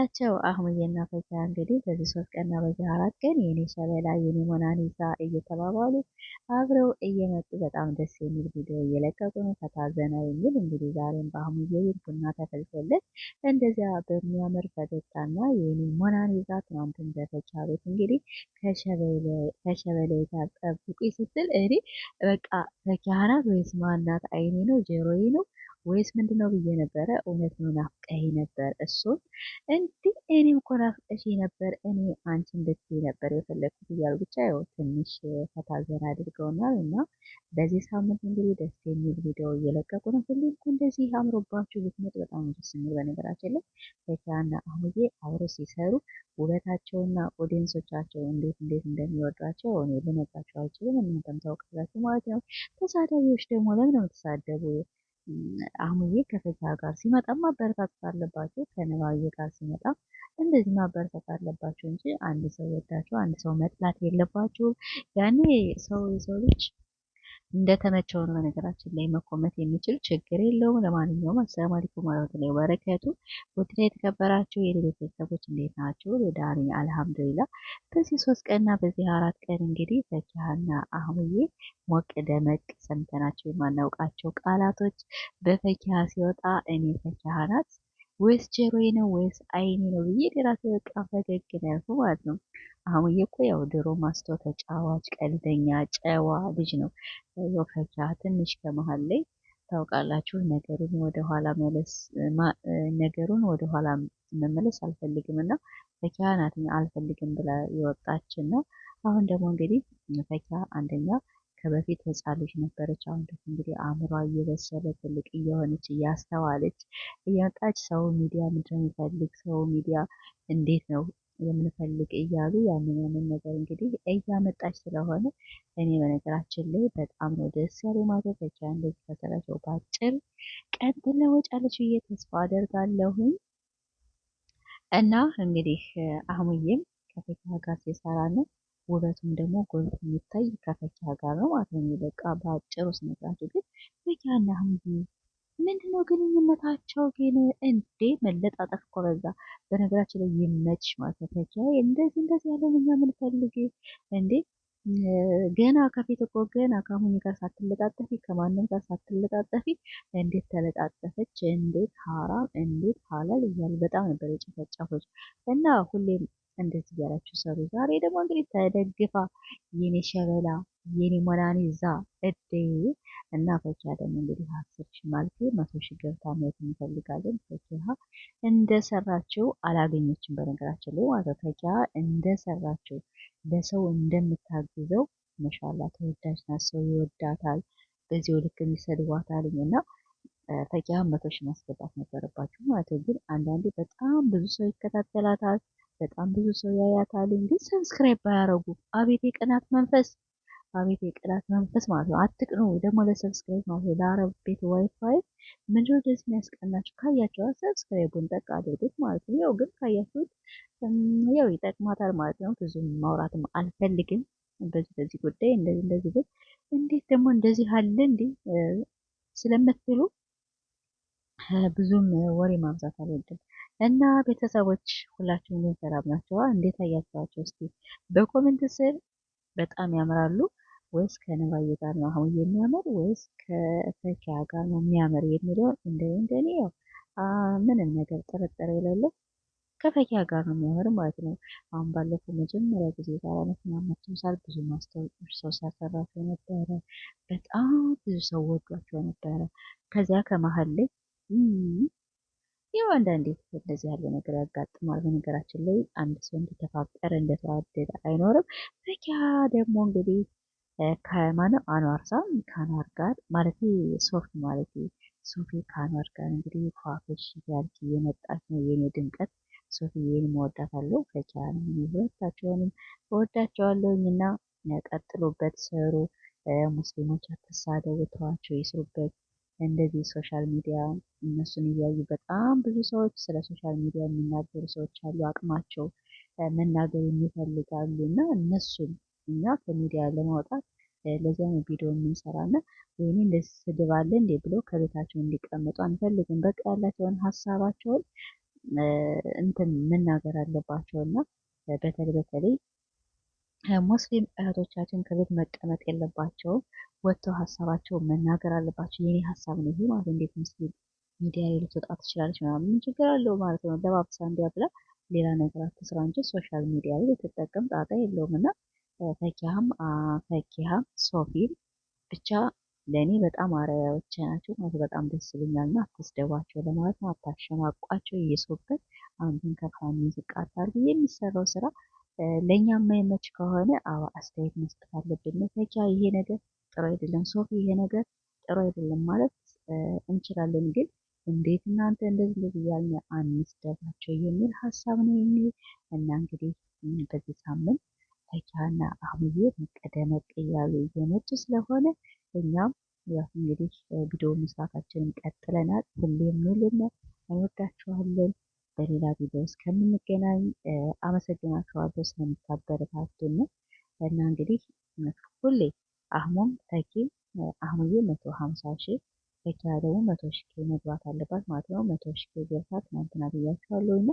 ናቸው። አህሙዬና ፈኪሀ እንግዲህ በዚህ ሶስት ቀንና በዚህ አራት ቀን የኔ ሸበላ የኔ ሞናሊዛ እየተባባሉ አብረው እየመጡ በጣም ደስ የሚል ቪዲዮ እየለቀቁ ነው። ፈታዘና የሚል እንግዲህ ዛሬም በአህሙዬ ቤት ቡና ተፈልቶለት እንደዚያ በሚያምር ፈገግታና የኔ ሞናሊዛ ትናንትን በፈኪሀ ቤት እንግዲህ ከሸበላይ ጋር ጠብቁ ስትል እኔ በቃ ፈኪሀ ናት ወይስ ማናት? አይኔ ነው ጆሮዬ ነው ወይስ ምንድነው ብዬ ነበረ። እውነት ነው ናፍቀህ ነበር። እሱም እንዲህ እኔም እኮ ናፍቀሽ ነበር፣ እኔ አንቺ ልትይ ነበር የፈለግኩት እያሉ ብቻ ያው ትንሽ ፈታ ዘና አድርገውናል። እና በዚህ ሳምንት እንግዲህ ደስ የሚል ቪዲዮ እየለቀቁ ነው። ሁሉም እኮ እንደዚህ አምሮባችሁ ብትመጡ በጣም ደስ የሚል። በነገራችን ላይ ፈኪሀና አህሙዬ አብሮ ሲሰሩ ውበታቸውና ኦዲየንሶቻቸው እንዴት እንዴት እንደሚወዷቸው እኔ ልነግራቸው አልችልም። እናንተም ታውቃላችሁ ማለት ነው። ተሳዳቢዎች ደግሞ ለምን ነው የምትሳደቡ? አህሙዬ ከፈኪሀ ጋር ሲመጣ ማበረታታት አለባቸው። ከንባዬ ጋር ሲመጣ እንደዚህ ማበረታታት አለባቸው እንጂ አንድ ሰው ወዳቸው አንድ ሰው መጥላት የለባቸውም። ያኔ ሰው የሰው ልጅ እንደተመቸው ነው። በነገራችን ላይ መኮመት የሚችል ችግር የለውም። ለማንኛውም አሰላሙ አለይኩም ወራህመቱላሂ ወበረካቱ። ውድና የተከበራችሁ የኔ ቤተሰቦች እንዴት ናችሁ? ዳኒ አልሐምዱሊላ። በዚህ ሶስት ቀንና በዚህ አራት ቀን እንግዲህ ፈኪሀና አህሙዬ ሞቅ ደመቅ ሰምተናቸው የማናውቃቸው ቃላቶች በፈኪሀ ሲወጣ እኔ ፈኪሀ ናት ወይስ ጀሮዬ ነው ወይስ አይኔ ነው ብዬ ደራሴ በቃ ፈገግ ነው ያልኩ ማለት ነው። አሁን እኮ ያው ድሮ አስቶ ተጫዋች፣ ቀልደኛ፣ ጨዋ ልጅ ነው። ወፈቻ ትንሽ ከመሀል ላይ ታውቃላችሁ ነገሩን ወደኋላ መለስ ነገሩን ወደኋላ መመለስ አልፈልግም እና ፈኪያ ናት አልፈልግም ብላ የወጣችን ነው። አሁን ደግሞ እንግዲህ ፈኪያ አንደኛ ከበፊት ህፃን ልጅ ነበረች። አሁን ደግሞ እንግዲህ አእምሯ እየበሰለ ትልቅ እየሆነች እያስተዋለች እያወጣች ሰው ሚዲያ ምንድን ነው የሚፈልግ ሰው ሚዲያ እንዴት ነው የምንፈልግ እያሉ ያንን ያንን ነገር እንግዲህ እያመጣች ስለሆነ እኔ በነገራችን ላይ በጣም ነው ደስ ያለ ማለት ብቻ እንደዚህ ተሰራቸው ባጭር ቀን ትለወጫለች ብዬ ተስፋ አደርጋለሁኝ። እና እንግዲህ አህሙዬም ከፈኪሀ ጋር ሲሰራ ነው ውበቱም ደግሞ ጎልቶ የሚታይ ከፈኪሀ ጋር ነው ማለት ነው። በቃ በአጭሩ ስነግራችሁ ግን ፈኪሀና አህሙዬ ምንድነው ግንኙነታቸው ግን? እንዴ መለጣጠፍ እኮ በዛ። በነገራችን ላይ ይመች ማለት ነው። እንደዚህ እንደዚህ ያለን እኛ ምንፈልግ እንዴ ገና ከፊት እኮ ገና ከአሁን ጋር ሳትለጣጠፊ ከማንም ጋር ሳትለጣጠፊ እንዴት ተለጣጠፈች፣ እንዴት ሀራም፣ እንዴት ሀላል እያሉ በጣም ነበር የጨፈጨፎች እና ሁሌም እንደዚህ እያላችሁ ሰሩ። ዛሬ ደግሞ እንግዲህ ተደግፋ የኔ ሸበላ የኔ ሞናሊዛ እዴ እና ፈኪሀን እንግዲህ አስር ሺህ ማለት መቶ ሺህ ገብታ ማየት እንፈልጋለን። ፈኪሀ እንደሰራችው አላገኘችም። በነገራችን ላይ ማለት ፈኪሀ እንደሰራችው ለሰው እንደምታግዘው መሻላ ተወዳጅ ናት። ሰው ይወዳታል። በዚሁ ልክም ይሰድቧታል እና ፈኪሀ መቶ ማስገባት ነበረባችሁ ማለት ግን አንዳንዴ በጣም ብዙ ሰው ይከታተላታል። በጣም ብዙ ሰው ያያታል። ግን ሰብስክራይብ ባያረጉ አቤት የቅናት መንፈስ አቤት የቅናት መንፈስ ማለት ነው። አትቅኑ ደግሞ ለሰብስክራይብ ማለት ነው። ለአረብ ቤት ዋይፋይ ነው ደስ የሚያስቀናችሁ ካያቸው ሰብስክራይቡን ጠቅ አድርጉት ማለት ነው። ያው ግን ካያችሁት ያው ይጠቅማታል ማለት ነው። ብዙ ማውራትም አልፈልግም በዚህ በዚህ ጉዳይ እንደዚህ እንደዚህ ብል እንዴት ደግሞ እንደዚህ አለ እንዲ ስለምትሉ ብዙም ወሬ ማብዛት አልወድም እና ቤተሰቦች ሁላችሁም ግን ሰላም ናቸዋ? እንዴት አያችኋቸው? እስቲ በኮሜንት ስር በጣም ያምራሉ። ወይስ ከነባዬ ጋር ነው አሁን የሚያምር ወይስ ከፈኪያ ጋር ነው የሚያምር የሚለውን እንደ እንደኔ ያው ምንም ነገር ጥርጥር የሌለው ከፈኪያ ጋር ነው የሚያምር ማለት ነው። አሁን ባለፈው መጀመሪያ ጊዜ ጋር አይነት ሳል ብዙ ማስታወቂያዎች ሰው ሲያሰራቸው ነበረ። በጣም ብዙ ሰው ወዷቸው ነበረ። ከዚያ ከመሀል ላይ ያው አንዳንዴ እንደዚህ ያለ ነገር ያጋጥማል። በነገራችን ላይ አንድ ሰው እንደተፋቀረ እንደተዋደደ አይኖርም። ፈኪያ ደግሞ እንግዲህ ከማን አኗር ዛ ከአኗር ጋር ማለት ሶፊ ማለት ሶፊ ከአኗር ጋር እንግዲህ ፏፈሽ ያልች እየመጣች ነው የኔ ድምቀት ሶፊ ይህን እወዳታለሁ። ከቻለ ሁለታቸውንም እወዳቸዋለሁኝ እና ቀጥሎበት ስሩ። ሙስሊሞች አትሳደቡ፣ ተዋቸው ይስሩበት። እንደዚህ ሶሻል ሚዲያ እነሱን እያዩ በጣም ብዙ ሰዎች ስለ ሶሻል ሚዲያ የሚናገሩ ሰዎች አሉ። አቅማቸው መናገር የሚፈልጋሉ እና እነሱን እኛ ከሚዲያ ለማውጣት ለዚያ ነው ቪዲዮ የምንሰራ እና ወይኔ እንደዚህ ስድብ አለ እንዴ ብሎ ከቤታቸው እንዲቀመጡ አንፈልግም። በቃ ያላቸውን ሀሳባቸውን እንትን መናገር አለባቸው እና በተለይ በተለይ ሙስሊም እህቶቻችን ከቤት መቀመጥ የለባቸውም። ወጥተው ሀሳባቸውን መናገር አለባቸው። የኔ ሀሳብ ነው ይሄ ማለት እንዴት ሙስሊም ሚዲያ ላይ ልትወጣ ትችላለች ምናምን ምን ችግር አለው ማለት ነው። ለባብሳ እንዲያ ብላ ሌላ ነገር አትስራ እንጂ ሶሻል ሚዲያ ላይ ልትጠቀም ጣጣ የለውም እና ፈኪሀም ፈኪሀም ሶፊም ብቻ ለእኔ በጣም አርአያዎቼ ናቸው። እውነት በጣም ደስ ይለኛል እና አትስደቧቸው ለማለት ነው። አታሸማቋቸው። እየሶበት አንዱን ከፍ አንዱን ዝቅ አታርጉ። የሚሰራው ስራ ለእኛ የማይመች ከሆነ አዎ አስተያየት መስጠት አለብን። ፈኪሀ ይሄ ነገር ጥሩ አይደለም፣ ሶፊ ይሄ ነገር ጥሩ አይደለም ማለት እንችላለን። ግን እንዴት እናንተ እንደዚህ እንደዚህ እያልን አንስደባቸው የሚል ሀሳብ ነው የሚል እና እንግዲህ በዚህ ሳምንት ፈኪሀና አህሙዬ መቀ ደመቅ እያሉ እየመጡ ስለሆነ እኛም ያው እንግዲህ ቪዲዮ መስራታችንን ቀጥለናል። ሁሌም ኑልን፣ እንወዳችኋለን። በሌላ ቪዲዮ እስከምንገናኝ አመሰግናችኋለሁ ስለምታበረታቱን እና እንግዲህ ሁሌ አህሙም ፈኪ አህሙዬ መቶ ሀምሳ ሺህ ፈኪሀ ደግሞ መቶ ሺህ መግባት አለባት ማለት ነው። መቶ ሺህ ገብታ ትናንትና ብያችኋለሁ እና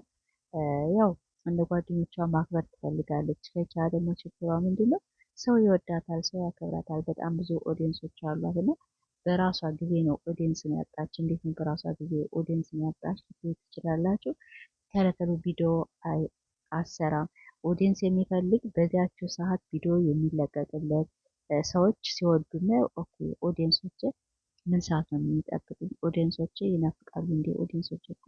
ያው እንደ ጓደኞቿ ማክበር ትፈልጋለች። ከቻ ደግሞ ችግሯ ምንድን ነው? ሰው ይወዳታል፣ ሰው ያከብራታል። በጣም ብዙ ኦዲየንሶች አሏት እና በራሷ ጊዜ ነው ኦዲየንስን ያጣች። እንዴት ነው በራሷ ጊዜ ኦዲየንስን ያጣች ልትሉ ትችላላችሁ። ተለተሉ ቪዲዮ አሰራም። ኦዲየንስ የሚፈልግ በዚያችው ሰዓት ቪዲዮ የሚለቀቅለት ሰዎች ሲወዱና ኦኬ ኦዲየንሶች ምን ሰዓት ነው የሚጠብቁኝ? ኦዲየንሶች ይናፍቃሉ እንዴ? ኦዲየንሶች እኮ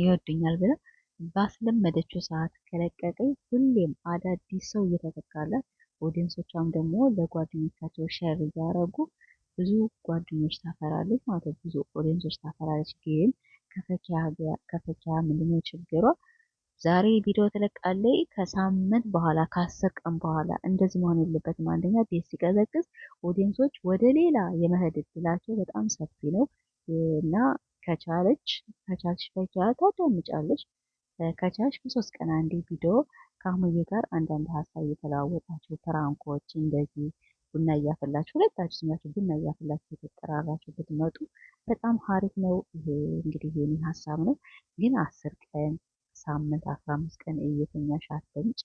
ይወዱኛል ብለ ባስለመደችው ሰዓት ከለቀቀኝ ሁሌም አዳዲስ ሰው እየተተካላት ኦዲየንሶቿም ደግሞ ለጓደኞቻቸው ሸር እያደረጉ ብዙ ጓደኞች ታፈራለች ማለት ነው። ብዙ ኦዲየንሶች ታፈራለች። ግን ከፈኪያ ምንድነው ችግሯ? ዛሬ ቪዲዮ ትለቃለች፣ ከሳምንት በኋላ ከአስር ቀን በኋላ። እንደዚህ መሆን የለበትም። አንደኛ ቤት ሲቀዘቅዝ ኦዲየንሶች ወደ ሌላ የመሄድ እድላቸው በጣም ሰፊ ነው እና ከቻለች ከቻልሽ ፈኪያ ታዳምጫለች ከቻልሽ በሶስት ቀን አንዴ ቪዲዮ ከአህሙዬ ጋር አንዳንድ ሀሳብ እየተለዋወጣችሁ ፕራንኮች እንደዚህ ቡና እያፈላችሁ ሁለታችሁ ስሚያችሁ ቡና እያፈላችሁ የተጠራራችሁ ብትመጡ በጣም ሀሪፍ ነው። ይሄ እንግዲህ የኔ ሀሳብ ነው። ግን አስር ቀን ሳምንት፣ አስራ አምስት ቀን እየተኛሽ አትምጭ።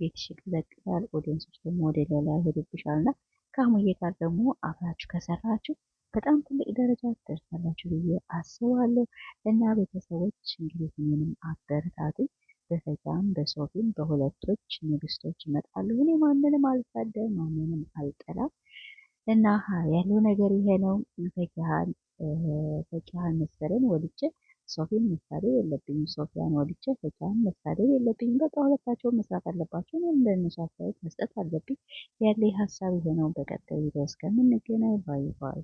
ቤትሽ ይቀዘቅዛል። ኦዲየንሶች ደግሞ ወደ ሌላ ይሄዱብሻል እና ከአህሙዬ ጋር ደግሞ አብራችሁ ከሰራችሁ በጣም ትልቅ ደረጃ ትደርሳላችሁ ብዬ አስባለሁ እና ቤተሰቦች እንግዲህ ምንም አበረታቱኝ። በፈጃም በሶፊም በሁለቶች ንግስቶች ይመጣሉ። እኔ ማንንም አልሳደብ፣ ማንንም አልጠላም እና ያለው ነገር ይሄ ነው። ፈኪሃን መሰለን ወልጄ ሶፊን መሳደብ የለብኝም። ሶፊያን ወልጄ ፈኪሃን መሳደብ የለብኝም። በቃ ሁለታቸውን መስራት አለባቸው። እኔም ለእነሱ አስተያየት መስጠት አለብኝ። ያለ ሀሳብ ይሄ ነው። በቀጣይ ቪዲዮ እስከምንገናኝ ባይ ባይ።